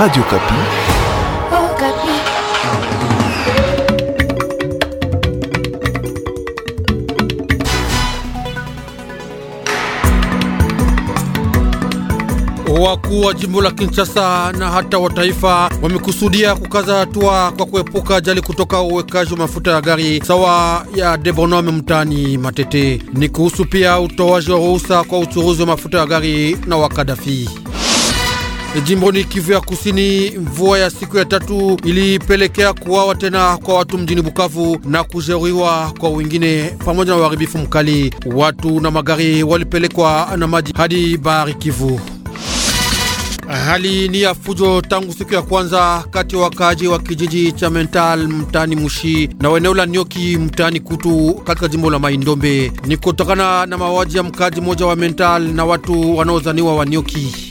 Radio Kapi. Oh, Kapi. Wakuu wa jimbo la Kinshasa na hata wa taifa wamekusudia kukaza hatua kwa kuepuka ajali kutoka uwekaji wa mafuta ya gari sawa ya debonome mtani Matete. Ni kuhusu pia utoaji wa ruhusa kwa uchuruzi wa mafuta ya gari na wakadafi. Jimboni Kivu ya Kusini, mvua ya siku ya tatu ilipelekea kuwawa tena kwa watu mjini Bukavu na kujeruhiwa kwa wengine, pamoja na uharibifu mkali. Watu na magari walipelekwa na maji hadi bahari Kivu. Hali ni ya fujo tangu siku ya kwanza kati ya wakaaji wa kijiji cha Mental mtaani Mushi na eneo la Nyoki mtaani Kutu katika jimbo la Maindombe. Ni kutokana na mauaji ya mkaaji mmoja wa Mental na watu wanaozaniwa wa Nyoki.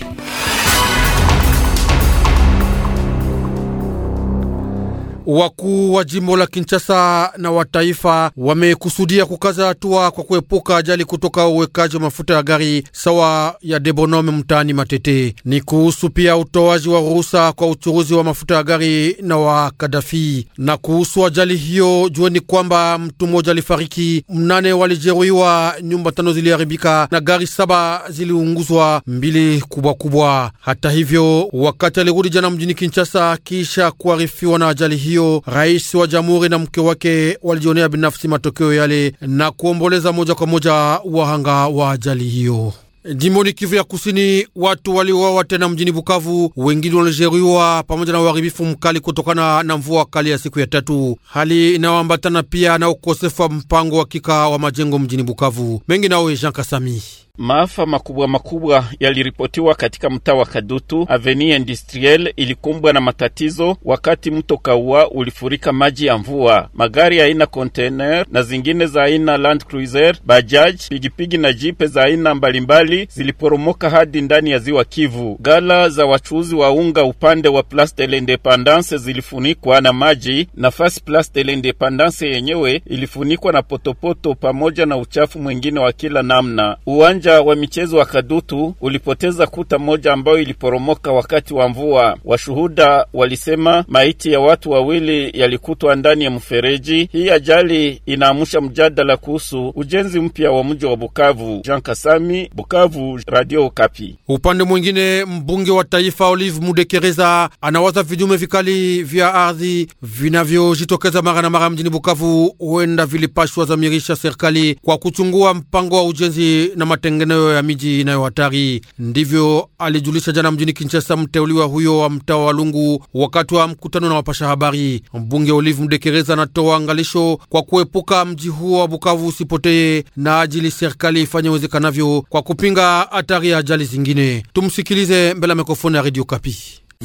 Wakuu wa jimbo la Kinshasa na wa taifa wamekusudia kukaza hatua kwa kuepuka ajali kutoka uwekaji wa mafuta ya gari sawa ya debonome mtaani Matete. Ni kuhusu pia utoaji wa ruhusa kwa uchuruzi wa mafuta ya gari na wa Kadafi. Na kuhusu ajali hiyo, jueni kwamba mtu mmoja alifariki, mnane walijeruhiwa, nyumba tano ziliharibika na gari saba ziliunguzwa, mbili kubwa kubwa. Hata hivyo, wakati alirudi jana mjini Kinshasa kisha kuarifiwa na ajali hiyo hiyo rais wa jamhuri na mke wake walijionea binafsi matokeo yale na kuomboleza moja kwa moja wahanga wa ajali hiyo. Jimboni Kivu ya Kusini, watu waliuawa tena mjini Bukavu, wengine walijeruhiwa pamoja na uharibifu mkali kutokana na mvua kali ya siku ya tatu, hali inayoambatana pia na ukosefu wa mpango wa kika wa majengo mjini Bukavu mengi. Nawe Jean Kasami. Maafa makubwa makubwa yaliripotiwa katika mtaa wa Kadutu. Avenue Industrielle ilikumbwa na matatizo wakati mto Kaua ulifurika maji ya mvua. Magari aina container na zingine za aina Land Cruiser, bajaj, pigipigi na jipe za aina mbalimbali ziliporomoka hadi ndani ya ziwa Kivu. Gala za wachuuzi wa unga upande wa Place de l'Independance zilifunikwa na maji. Nafasi Place de l'Independance yenyewe ilifunikwa na potopoto pamoja na uchafu mwingine wa kila namna. Uwanja uwanja wa michezo wa Kadutu ulipoteza kuta moja ambayo iliporomoka wakati wa mvua. Washuhuda walisema maiti ya watu wawili yalikutwa ndani ya mfereji. Hii ajali inaamusha mjadala kuhusu ujenzi mpya wa mji wa Bukavu. Jean Kasami, Bukavu, Radio Kapi. Upande mwingine, mbunge wa taifa Olive Mudekereza anawaza vidume vikali vya ardhi vinavyojitokeza mara na mara mjini Bukavu huenda vilipashwa zamirisha serikali kwa kuchungua mpango wa ujenzi na matengenezo maeneo ya miji inayo hatari. Ndivyo alijulisha jana mjini Kinshasa mteuliwa huyo wa mtaa wa Lungu wakati wa mkutano na wapasha habari. Mbunge Olive Mdekereza anatoa angalisho kwa kuepuka mji huo wa Bukavu usipoteye na ajili serikali ifanye uwezekanavyo kwa kupinga hatari ya ajali zingine. Tumsikilize mbele ya mikrofoni ya Radio Kapi.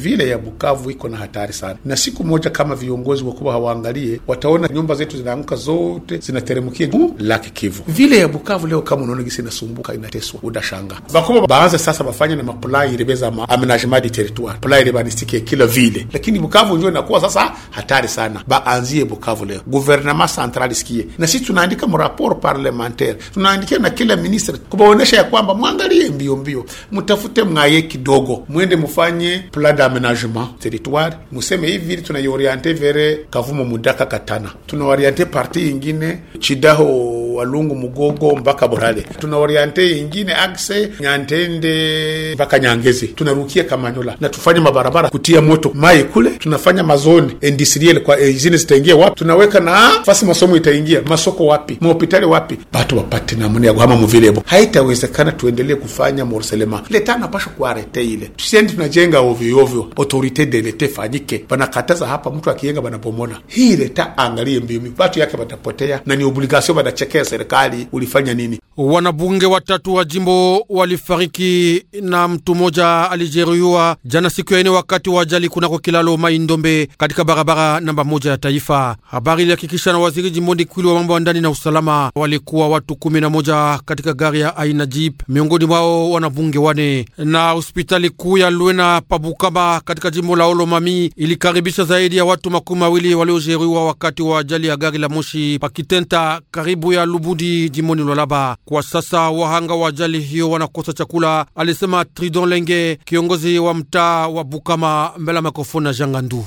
Vile ya Bukavu iko na hatari sana, na siku moja kama viongozi wakubwa hawaangalie, wataona nyumba zetu zinaanguka zote zinateremkia juu lake Kivu. Vile ya Bukavu leo kama unaona gisi inasumbuka inateswa, udashanga bakubwa baanze sasa bafanye na maplan irebeza ma amenagement de territoire plan urbanistique kila vile, lakini Bukavu njoo inakuwa sasa hatari sana, baanzie Bukavu leo gouvernement central isikie, na sisi tunaandika mraport parlementaire, tunaandikia na kila ministre kubaonesha ya kwamba mwangalie mbio mbio, mtafute mng'aye kidogo, mwende mfanye plan aménagement territoire museme hivi tunaioriente vere kavumo mudaka katana tunaoriente parti ingine chidaho Walungu, Mugogo mpaka Borale, Tuna oriente ingine akse Nyantende mpaka Nyangezi, tunarukia Kamanyola na tufanye mabarabara kutia moto mai kule, tunafanya mazoni industriel kwa izini eh, zitaingia wapi, tunaweka na ah, fasi masomo itaingia masoko wapi, mahopitali wapi, batu wapate namna ya kuhama muvilebo. Haitawezekana tuendelee kufanya morselema leta napasha kuarete ile tusiende, tunajenga ovyo ovyo, autorite de lete fanyike, banakataza hapa, mtu akienga banabomola. Hii leta angalie mbimi, batu yake batapotea na ni obligasio badachekea ya serikali ulifanya nini? Wanabunge watatu wa jimbo walifariki na mtu mmoja alijeruhiwa jana siku ya ine wakati wa ajali kunako kilalo Maindombe katika barabara namba moja ya taifa. Habari ilihakikisha na waziri jimboni Kwili wa mambo ya ndani na usalama, walikuwa watu kumi na moja katika gari ya aina jeep, miongoni mwao wanabunge wane. Na hospitali kuu ya lwena Pabukama katika jimbo la Olomami ilikaribisha zaidi ya watu makumi mawili waliojeruhiwa wakati wa ajali ya gari la moshi Pakitenta karibu ya Lubudi jimoni Lualaba. Kwa sasa wahanga wa ajali hiyo wanakosa chakula, alisema Tridon Lenge, kiongozi wa mtaa wa Bukama, mbele ya mikrofoni na Jangandu.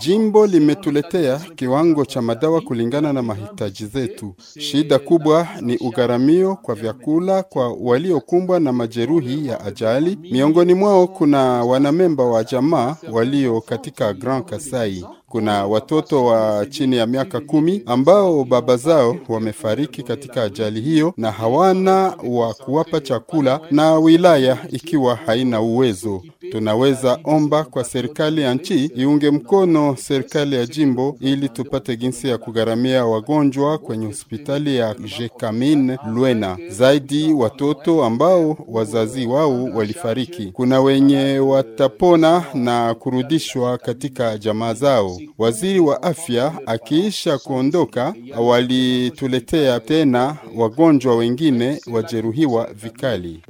Jimbo limetuletea kiwango cha madawa kulingana na mahitaji zetu. Shida kubwa ni ugharamio kwa vyakula kwa waliokumbwa na majeruhi ya ajali. Miongoni mwao kuna wanamemba wa jamaa walio katika Grand Kasai kuna watoto wa chini ya miaka kumi ambao baba zao wamefariki katika ajali hiyo na hawana wa kuwapa chakula, na wilaya ikiwa haina uwezo tunaweza omba kwa serikali ya nchi iunge mkono serikali ya jimbo ili tupate jinsi ya kugharamia wagonjwa kwenye hospitali ya Jekamin Lwena, zaidi watoto ambao wazazi wao walifariki. Kuna wenye watapona na kurudishwa katika jamaa zao waziri wa afya akiisha kuondoka, walituletea tena wagonjwa wengine wajeruhiwa vikali.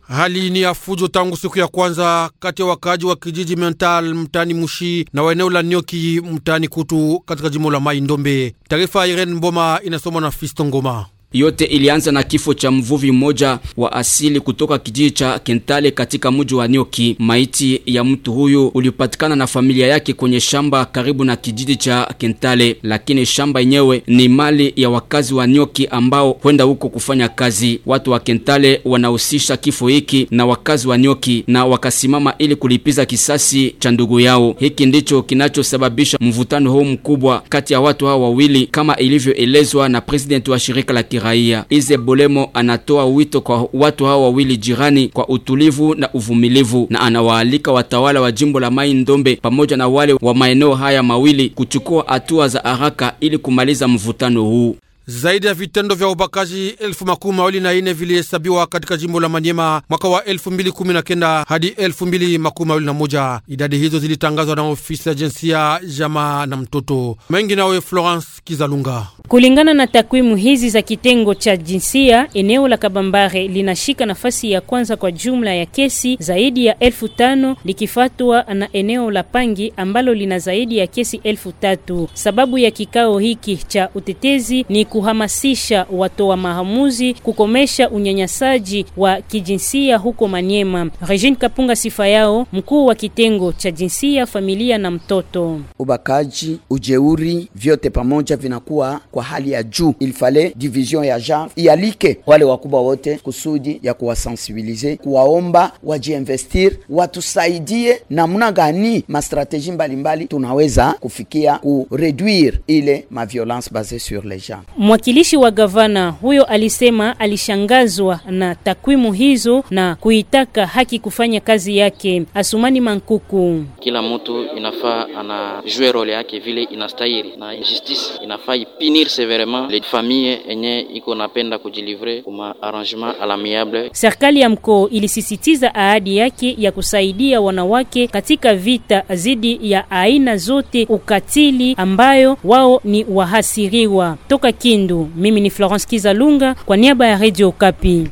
Hali ni ya fujo tangu siku ya kwanza kati ya wakaaji wa kijiji Mental mtani Mushi na waeneo la Nioki mtani Kutu katika jimbo la Mai Ndombe. Taarifa ya Irene Mboma inasomwa na Fisto Ngoma. Yote ilianza na kifo cha mvuvi mmoja wa asili kutoka kijiji cha Kentale katika mji wa Nyoki. Maiti ya mtu huyu ulipatikana na familia yake kwenye shamba karibu na kijiji cha Kentale, lakini shamba yenyewe ni mali ya wakazi wa Nyoki ambao kwenda huko kufanya kazi. Watu wa Kentale wanahusisha kifo hiki na wakazi wa Nyoki na wakasimama ili kulipiza kisasi cha ndugu yao. Hiki ndicho kinachosababisha mvutano huu mkubwa kati ya watu hao wawili kama ilivyoelezwa na president wa shirika la kiraia. Ize Bolemo anatoa wito kwa watu hao wawili jirani kwa utulivu na uvumilivu, na anawaalika watawala wa jimbo la Mai Ndombe pamoja na wale wa maeneo haya mawili kuchukua hatua za haraka ili kumaliza mvutano huu. Zaidi ya vitendo vya ubakaji elfu makumi mawili na ine vilihesabiwa katika jimbo la Manyema mwaka wa elfu mbili kumi na kenda hadi elfu mbili makumi mawili na moja. Idadi hizo zilitangazwa na ofisi ya jinsia, jamaa na mtoto. Mengi nawe Florence Kizalunga. Kulingana na takwimu hizi za kitengo cha jinsia, eneo la Kabambare linashika nafasi ya kwanza kwa jumla ya kesi zaidi ya elfu tano likifatwa na eneo la Pangi ambalo lina zaidi ya kesi elfu tatu. Sababu ya kikao hiki cha utetezi ni ku kuhamasisha watoa wa maamuzi kukomesha unyanyasaji wa kijinsia huko Manyema. Regine Kapunga sifa yao, mkuu wa kitengo cha jinsia, familia na mtoto. Ubakaji, ujeuri, vyote pamoja vinakuwa kwa hali ya juu. fallait division ya genre ialike wale wakubwa wote kusudi ya kuwasensibilize, kuwaomba wajiinvestir, watusaidie namna gani mastrateji mbalimbali tunaweza kufikia ku reduire ile ma violence basée sur les genres. Mwakilishi wa gavana huyo alisema alishangazwa na takwimu hizo na kuitaka haki kufanya kazi yake. Asumani Mankuku: kila mtu inafaa anajue role yake vile inastahili, na justice inafaa ipinir severement le famille enye iko napenda kujilivre kuma arrangement alamiable l'amiable. Serikali ya mkoo ilisisitiza ahadi yake ya kusaidia wanawake katika vita dhidi ya aina zote ukatili ambayo wao ni wahasiriwa toka ki Kindu. Mimi ni Florence Kizalunga kwa niaba ya Radio Okapi.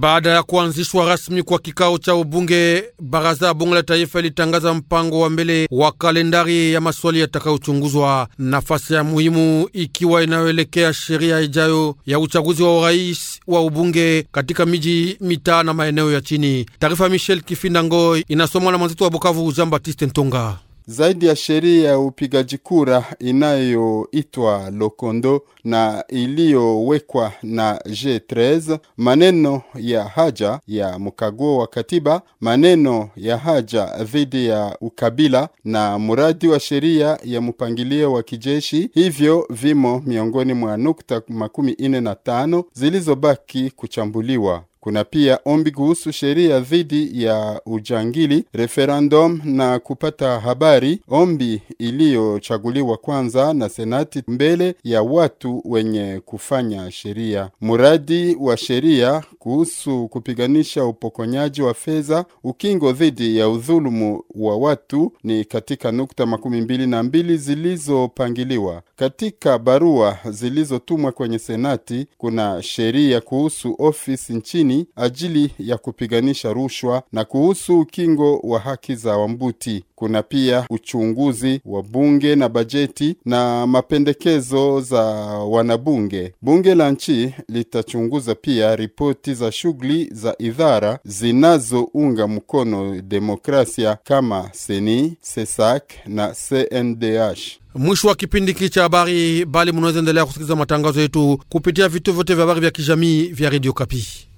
Baada ya kuanzishwa rasmi kwa kikao cha ubunge, baraza ya bunge la taifa ilitangaza mpango wa mbele wa kalendari ya maswali yatakayochunguzwa, nafasi ya muhimu ikiwa inayoelekea sheria ijayo ya uchaguzi wa urais wa ubunge katika miji, mitaa na maeneo ya chini. Taarifa ya Michel Kifindango inasomwa na mwenzetu wa Bukavu, Jean Baptiste Ntonga zaidi ya sheria ya upigaji kura inayoitwa Lokondo na iliyowekwa na G13, maneno ya haja ya mkaguo wa katiba, maneno ya haja dhidi ya ukabila na mradi wa sheria ya mpangilio wa kijeshi, hivyo vimo miongoni mwa nukta makumi ine na tano zilizobaki kuchambuliwa. Kuna pia ombi kuhusu sheria dhidi ya ujangili, referendum na kupata habari, ombi iliyochaguliwa kwanza na senati mbele ya watu wenye kufanya sheria, mradi wa sheria kuhusu kupiganisha upokonyaji wa fedha, ukingo dhidi ya udhulumu wa watu. Ni katika nukta makumi mbili na mbili zilizopangiliwa katika barua zilizotumwa kwenye senati. Kuna sheria kuhusu ofisi nchini uhamishoni ajili ya kupiganisha rushwa na kuhusu ukingo wa haki za Wambuti. Kuna pia uchunguzi wa bunge na bajeti na mapendekezo za wanabunge. Bunge la nchi litachunguza pia ripoti za shughuli za idhara zinazounga mkono demokrasia kama seni CESAC na CNDH. Mwisho wa kipindi hiki cha habari, bali munaweza endelea kusikiliza matangazo yetu kupitia vituo vyote vya habari vya kijamii vya Radio Kapi.